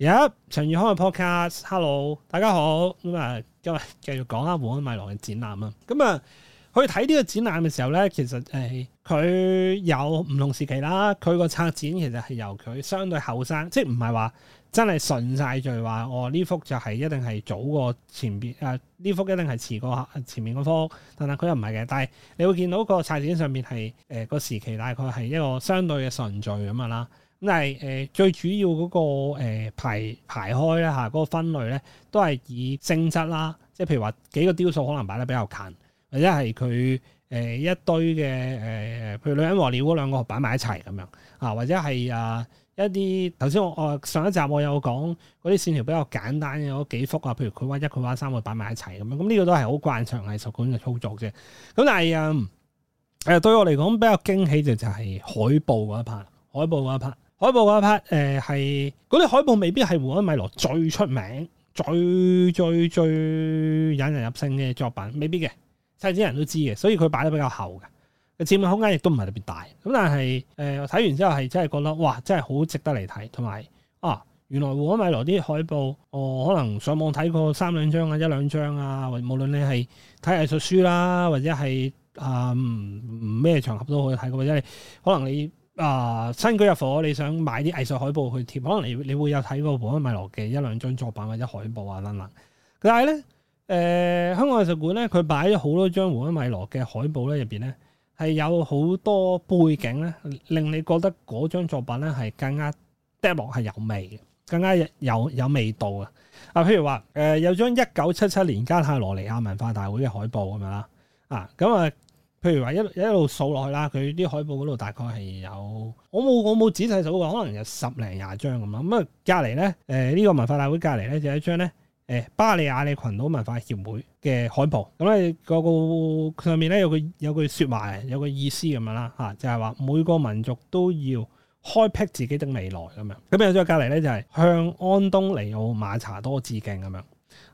而家陳宇康嘅 podcast，Hello，大家好咁啊，今日繼續講下胡安米羅嘅展覽啊，咁啊，去睇呢個展覽嘅時候咧，其實誒，佢、哎、有唔同時期啦，佢個策展其實係由佢相對後生，即係唔係話真係順晒序，話哦呢幅就係一定係早過前邊誒，呢、啊、幅一定係遲過前面嗰幅，但係佢又唔係嘅，但係你會見到個策展上面係誒個時期大概係一個相對嘅順序咁啊啦。咁係誒最主要嗰個排排開咧嚇，嗰個分類咧都係以性質啦，即係譬如話幾個雕塑可能擺得比較近，或者係佢誒一堆嘅誒，譬如女人和鳥嗰兩個擺埋一齊咁樣啊，或者係啊一啲頭先我我上一集我有講嗰啲線條比較簡單嘅嗰幾幅啊，譬如佢話一佢話三個擺埋一齊咁樣，咁呢個都係好慣常藝術館嘅操作啫。咁但係誒對我嚟講比較驚喜嘅就係海報嗰一 part，海報嗰一 part。海報嗰一 part，誒係嗰啲海報未必係胡安米羅最出名、最最最引人入勝嘅作品，未必嘅，世子人都知嘅，所以佢擺得比較厚嘅，個佔嘅空間亦都唔係特別大。咁但係，誒、呃、我睇完之後係真係覺得，哇，真係好值得嚟睇，同埋啊，原來胡安米羅啲海報，我、呃、可能上網睇過三兩張啊，一兩張啊，或無論你係睇藝術書啦，或者係啊咩場合都可以睇過，或者係可能你。啊！新居入伙，你想買啲藝術海報去貼？可能你你會有睇過胡安米羅嘅一兩張作品或者海報啊，等等。但係咧，誒、呃、香港藝術館咧，佢擺咗好多張胡安米羅嘅海報咧，入邊咧係有好多背景咧，令你覺得嗰張作品咧係更加掉落係有味嘅，更加有有，有味道嘅。啊，譬如話誒、呃，有張一九七七年加泰羅尼亞文化大會嘅海報咁樣啦，啊咁啊～啊譬如話一路一路數落去啦，佢啲海報嗰度大概係有我冇我冇仔細數嘅，可能有十零廿張咁咯。咁啊隔離咧，呢、呃呢個文化大會隔離咧就有一張咧、呃，巴利亞利群島文化協會嘅海報。咁咧個個上面咧有個有句說話，有個意思咁樣啦，吓就係、是、話每個民族都要開闢自己嘅未來咁樣。咁有張隔離咧就係向安東尼奧馬查多致敬咁樣。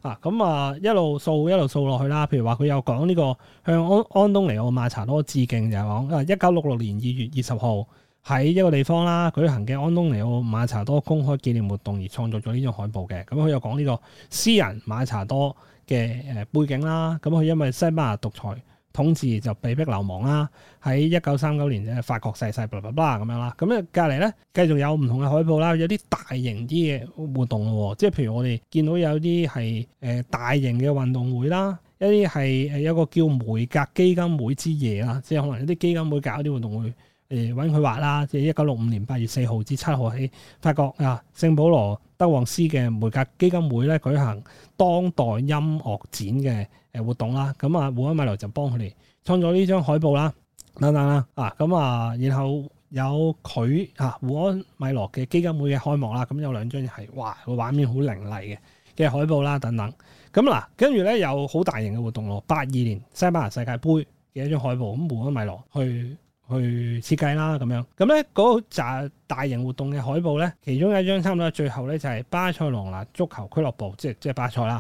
啊，咁啊一路掃一路掃落去啦。譬如話佢有講呢個向安安東尼奧馬查多致敬，就係講啊一九六六年二月二十號喺一個地方啦，舉行嘅安東尼奧馬查多公開紀念活動而創作咗呢張海報嘅。咁佢又講呢個詩人馬查多嘅誒背景啦。咁佢因為西班牙獨裁。統治就被逼流亡啦，喺一九三九年就法國逝世，巴拉巴拉咁樣啦。咁咧隔離咧，繼續有唔同嘅海報啦，有啲大型啲嘅活動喎。即係譬如我哋見到有啲係大型嘅運動會啦，一啲係一有個叫梅格基金會之夜啦，即係可能一啲基金會搞啲運動會。誒揾佢畫啦，即係一九六五年八月四號至七號喺法國啊聖保羅德旺斯嘅梅格基金會咧舉行當代音樂展嘅誒活動啦，咁啊胡安米羅就幫佢哋創作呢張海報啦，等等啦，啊咁啊，然後有佢啊胡安米羅嘅基金會嘅開幕啦，咁、啊、有兩張係哇個畫面好凌厲嘅嘅海報啦，等等，咁、啊、嗱，跟住咧有好大型嘅活動咯，八二年西班牙世界盃嘅一張海報，咁胡安米羅去。去設計啦咁樣，咁咧嗰大型活動嘅海報咧，其中有一張差唔多最後咧，就係巴塞羅那足球俱樂部，即係即係巴塞啦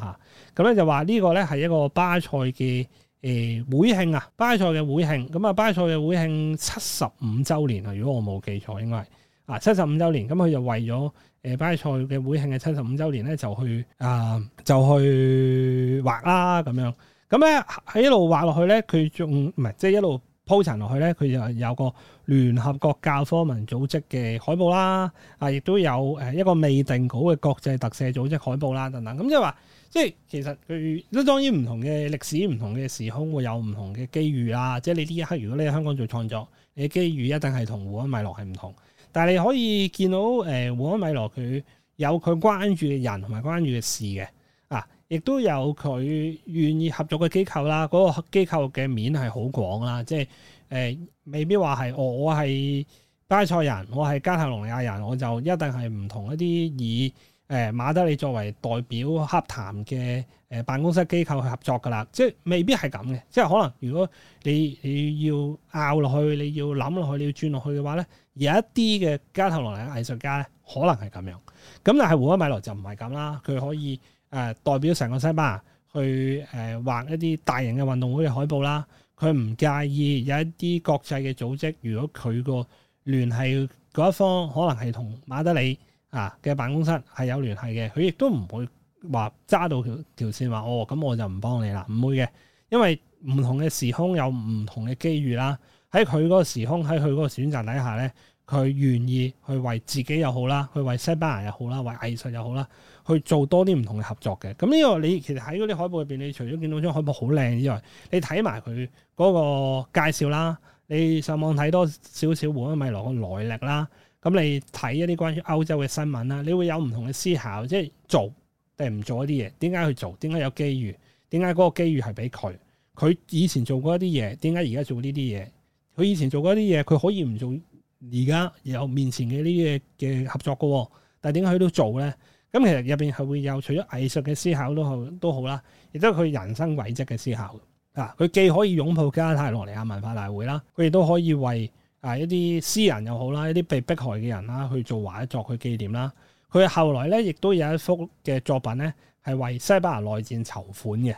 嚇。咁咧就話呢個咧係一個巴塞嘅誒、呃、會慶啊，巴塞嘅會慶，咁啊巴塞嘅會慶七十五周年啊，如果我冇記錯應該係啊七十五周年，咁佢就為咗巴塞嘅會慶嘅七十五周年咧，就去啊、呃、就去畫啦咁樣。咁咧喺一路畫落去咧，佢仲唔係即係一路。鋪陳落去咧，佢就有個聯合國教科文組織嘅海報啦，啊，亦都有誒一個未定稿嘅國際特赦組織海報啦，等等。咁即係話，即係其實佢都當然唔同嘅歷史、唔同嘅時空會有唔同嘅機遇啊！即係你呢一刻，如果你喺香港做創作，你嘅機遇一定係同胡安米羅係唔同。但係你可以見到誒、呃、胡安米羅佢有佢關注嘅人同埋關注嘅事嘅啊。亦都有佢願意合作嘅機構啦，嗰、那個機構嘅面係好廣啦，即係、呃、未必話係我係巴塞人，我係加泰隆尼亞人，我就一定係唔同一啲以誒、呃、馬德里作為代表洽談嘅誒辦公室機構去合作噶啦，即未必係咁嘅，即係可能如果你你要拗落去，你要諗落去，你要轉落去嘅話咧，有一啲嘅加泰隆尼亞藝術家咧，可能係咁樣，咁但係胡安米羅就唔係咁啦，佢可以。誒、呃、代表成個西班牙去誒畫、呃、一啲大型嘅運動會嘅海報啦，佢唔介意有一啲國際嘅組織，如果佢個聯繫嗰一方可能係同馬德里啊嘅辦公室係有聯繫嘅，佢亦都唔會話揸到條條線話哦，噉我就唔幫你啦，唔會嘅，因為唔同嘅時空有唔同嘅機遇啦，喺佢嗰個時空喺佢嗰個選擇底下咧。佢願意去為自己又好啦，去為西班牙又好啦，為藝術又好啦，去做多啲唔同嘅合作嘅。咁呢個你其實喺嗰啲海報入邊，你除咗見到張海報好靚之外，你睇埋佢嗰個介紹啦，你上網睇多少少胡安米羅嘅來歷啦，咁你睇一啲關於歐洲嘅新聞啦，你會有唔同嘅思考，即係做定唔做一啲嘢？點解去做？點解有機遇？點解嗰個機遇係俾佢？佢以前做過一啲嘢，點解而家做呢啲嘢？佢以前做過一啲嘢，佢可以唔做？而家有面前嘅呢啲嘅合作嘅，但係點解佢都做咧？咁其實入邊係會有除咗藝術嘅思考都好都好啦，亦都係佢人生軌跡嘅思考啊。佢既可以擁抱加泰羅尼亞文化大會啦，佢亦都可以為啊一啲私人又好啦，一啲被迫害嘅人啦去做畫作去紀念啦。佢後來咧亦都有一幅嘅作品咧，係為西班牙內戰籌款嘅。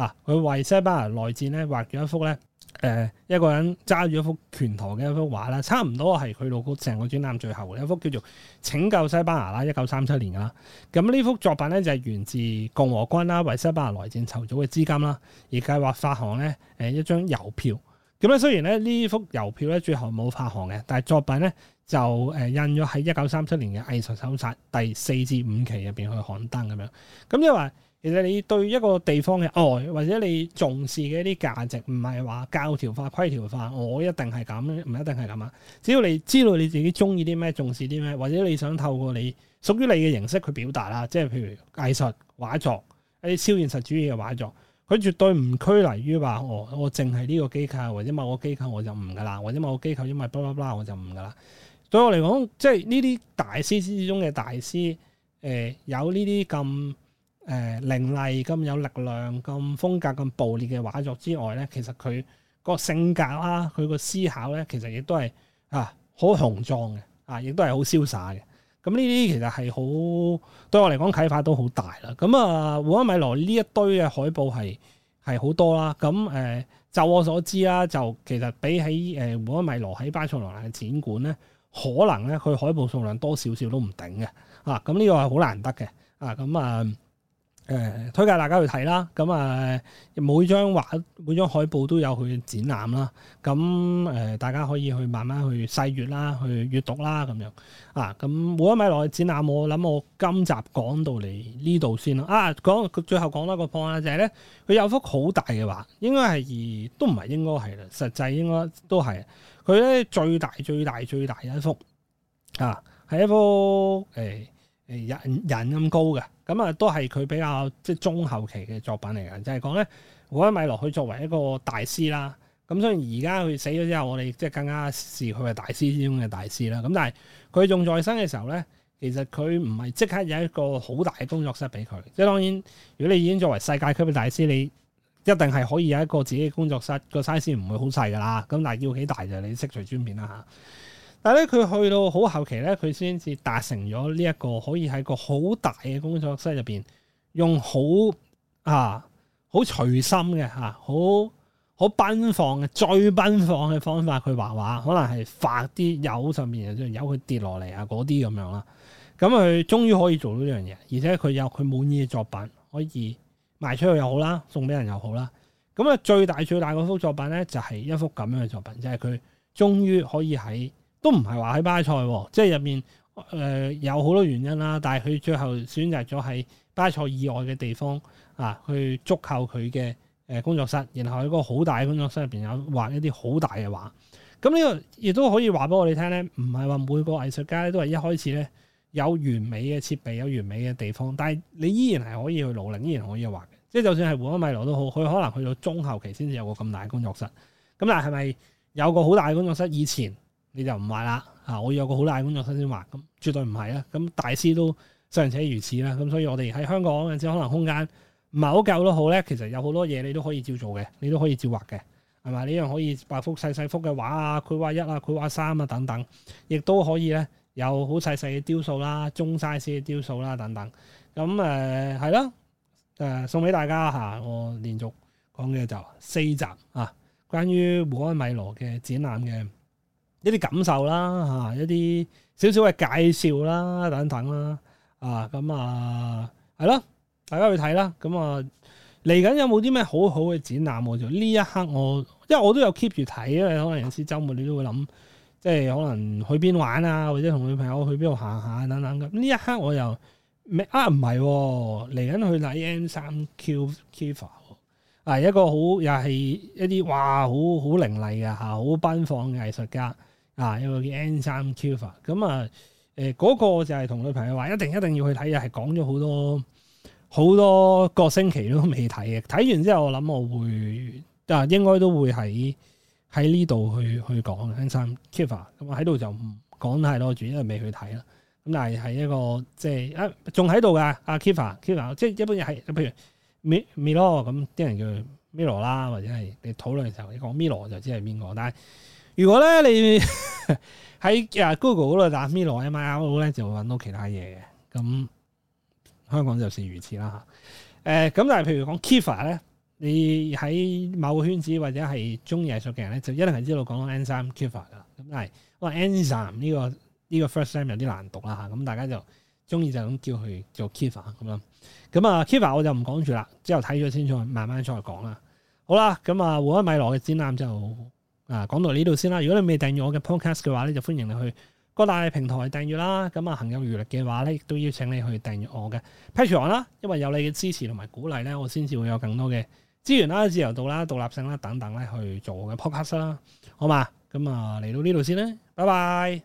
啊！佢為西班牙內戰咧畫咗一幅咧，誒、呃、一個人揸住一幅拳頭嘅一幅畫咧，差唔多係佢老公成個專欄最後嘅一幅，叫做《拯救西班牙》啦，一九三七年啦。咁呢幅作品咧就係源自共和軍啦，為西班牙內戰籌組嘅資金啦，而計劃發行咧誒一張郵票。咁咧雖然咧呢幅郵票咧最後冇發行嘅，但係作品咧就誒印咗喺一九三七年嘅藝術手冊第四至五期入邊去刊登咁樣。咁因為其實你對一個地方嘅愛、哦，或者你重視嘅一啲價值，唔係話教條化、規條化，我一定係咁，唔一定係咁啊。只要你知道你自己中意啲咩，重視啲咩，或者你想透過你屬於你嘅形式去表達啦，即係譬如藝術、畫作，一啲超現實主義嘅畫作，佢絕對唔拘泥於話、哦、我我淨係呢個機構，或者某個機構我就唔噶啦，或者某個機構因為巴啦巴啦我就唔噶啦。對我嚟講，即係呢啲大師之中嘅大師，誒、呃，有呢啲咁。誒、呃、凌厲咁有力量、咁風格、咁暴烈嘅畫作之外咧，其實佢個性格啊，佢個思考咧，其實亦都係啊好雄壯嘅，啊亦都係好瀟灑嘅。咁呢啲其實係好對我嚟講啟發都好大啦。咁啊，胡安米羅呢一堆嘅海報係係好多啦。咁、啊、誒，就我所知啦，就其實比起、啊、胡安米羅喺巴塞羅那嘅展館咧，可能咧佢海報數量多少少都唔頂嘅。啊，咁呢個係好難得嘅。啊，咁啊。啊啊誒推介大家去睇啦，咁啊每張畫每張海報都有去展覽啦，咁大家可以去慢慢去細閱啦，去閱讀啦咁樣啊，咁每一米落去展覽，我諗我今集講到嚟呢度先啦。啊，講最後講多個 point 啦，就係咧佢有幅好大嘅畫，應該係而都唔係應該係啦，實際應該都係佢咧最大最大最大一幅啊，係一幅誒誒人人咁高嘅。咁啊，都係佢比較即係中後期嘅作品嚟嘅，就係講咧胡安米羅佢作為一個大師啦。咁雖然而家佢死咗之後，我哋即係更加視佢為大師之中嘅大師啦。咁但係佢仲在生嘅時候咧，其實佢唔係即刻有一個好大嘅工作室俾佢。即係當然，如果你已經作為世界級嘅大師，你一定係可以有一個自己嘅工作室，個 size 唔會好細噶啦。咁但係要幾大就你攝取磚片啦吓。但係咧，佢去到好後期咧，佢先至達成咗呢、這個、一個可以喺個好大嘅工作室入邊，用好啊好隨心嘅吓，好、啊、好奔放嘅最奔放嘅方法，去畫畫可能係發啲油上面的，然後油佢跌落嚟啊嗰啲咁樣啦。咁佢終於可以做到呢樣嘢，而且佢有佢滿意嘅作品，可以賣出去又好啦，送俾人又好啦。咁啊，最大最大嗰幅作品咧，就係一幅咁樣嘅作品，即係佢終於可以喺。都唔係話喺巴塞，即係入面誒、呃、有好多原因啦。但係佢最後選擇咗喺巴塞以外嘅地方啊，去足夠佢嘅誒工作室，然後喺個好大嘅工作室入邊有畫一啲好大嘅畫。咁呢個亦都可以話俾我哋聽咧，唔係話每個藝術家都係一開始咧有完美嘅設備、有完美嘅地方，但係你依然係可以去勞力，依然可以畫嘅。即係就算係胡安米羅都好，佢可能去到中後期先至有一個咁大嘅工作室。咁但係係咪有一個好大嘅工作室？以前？你就唔畫啦，嚇！我要有個好大工作先先畫，咁絕對唔係啊！咁大師都尚且如此啦，咁所以我哋喺香港嘅只可能空間唔係好夠都好咧，其實有好多嘢你都可以照做嘅，你都可以照畫嘅，係嘛？你一樣可以畫幅細細幅嘅畫啊，繪畫一啊，繪畫三啊等等，亦都可以咧有好細細嘅雕塑啦，中 size 嘅雕塑啦等等，咁係啦，送俾大家我連續講嘅就四集啊，關於胡安米羅嘅展覽嘅。一啲感受啦、啊，一啲少少嘅介紹啦，等等啦，啊咁啊，係咯，大家去睇啦。咁啊，嚟緊有冇啲咩好好嘅展覽我？我呢一刻我，因為我都有 keep 住睇啊。因為可能有時周末你都會諗，即係可能去邊玩啊，或者同女朋友去邊度行下等等。咁呢一刻我又咩啊？唔係嚟緊去睇 M 三 K Kiva，啊一個好又係一啲哇好好凌厲嘅好奔放嘅藝術家。啊，一個叫 N 三 Kiva，咁啊，誒嗰個就係同女朋友話，一定一定要去睇啊，係講咗好多好多個星期都未睇嘅。睇完之後，我諗我會啊，應該都會喺喺呢度去去講 N 三 Kiva。咁我喺度就唔講太多，主要係未去睇啦。咁但係係一個即係啊，仲喺度噶，阿 Kiva，Kiva 即係一般又係，譬如 Milo 咁，啲人叫 Milo 啦，或者係你討論時候你講 Milo 就知係邊個，但係。如果咧你喺 Google 嗰度打米羅 Miro 咧，就搵到其他嘢嘅。咁香港就是如此啦吓。誒，咁但係譬如講 Kiva 咧，你喺某個圈子或者係中意藝術嘅人咧，就一定係知道講到 Enzyme Kiva 噶。咁但係我 Enzyme 呢個呢個 first name 有啲難讀啦吓，咁大家就中意就咁叫佢做 Kiva 咁啦，咁啊 Kiva 我就唔講住啦，之後睇咗先再慢慢再講啦。好啦，咁啊胡安米羅嘅簽名就。啊，講到呢度先啦。如果你未訂閱我嘅 podcast 嘅話咧，就歡迎你去各大平台訂閱啦。咁啊，行有餘力嘅話咧，亦都邀請你去訂閱我嘅 Patreon 啦。因為有你嘅支持同埋鼓勵咧，我先至會有更多嘅資源啦、自由度啦、獨立性啦等等咧去做我嘅 podcast 啦。好嘛，咁啊，嚟到呢度先啦。拜拜。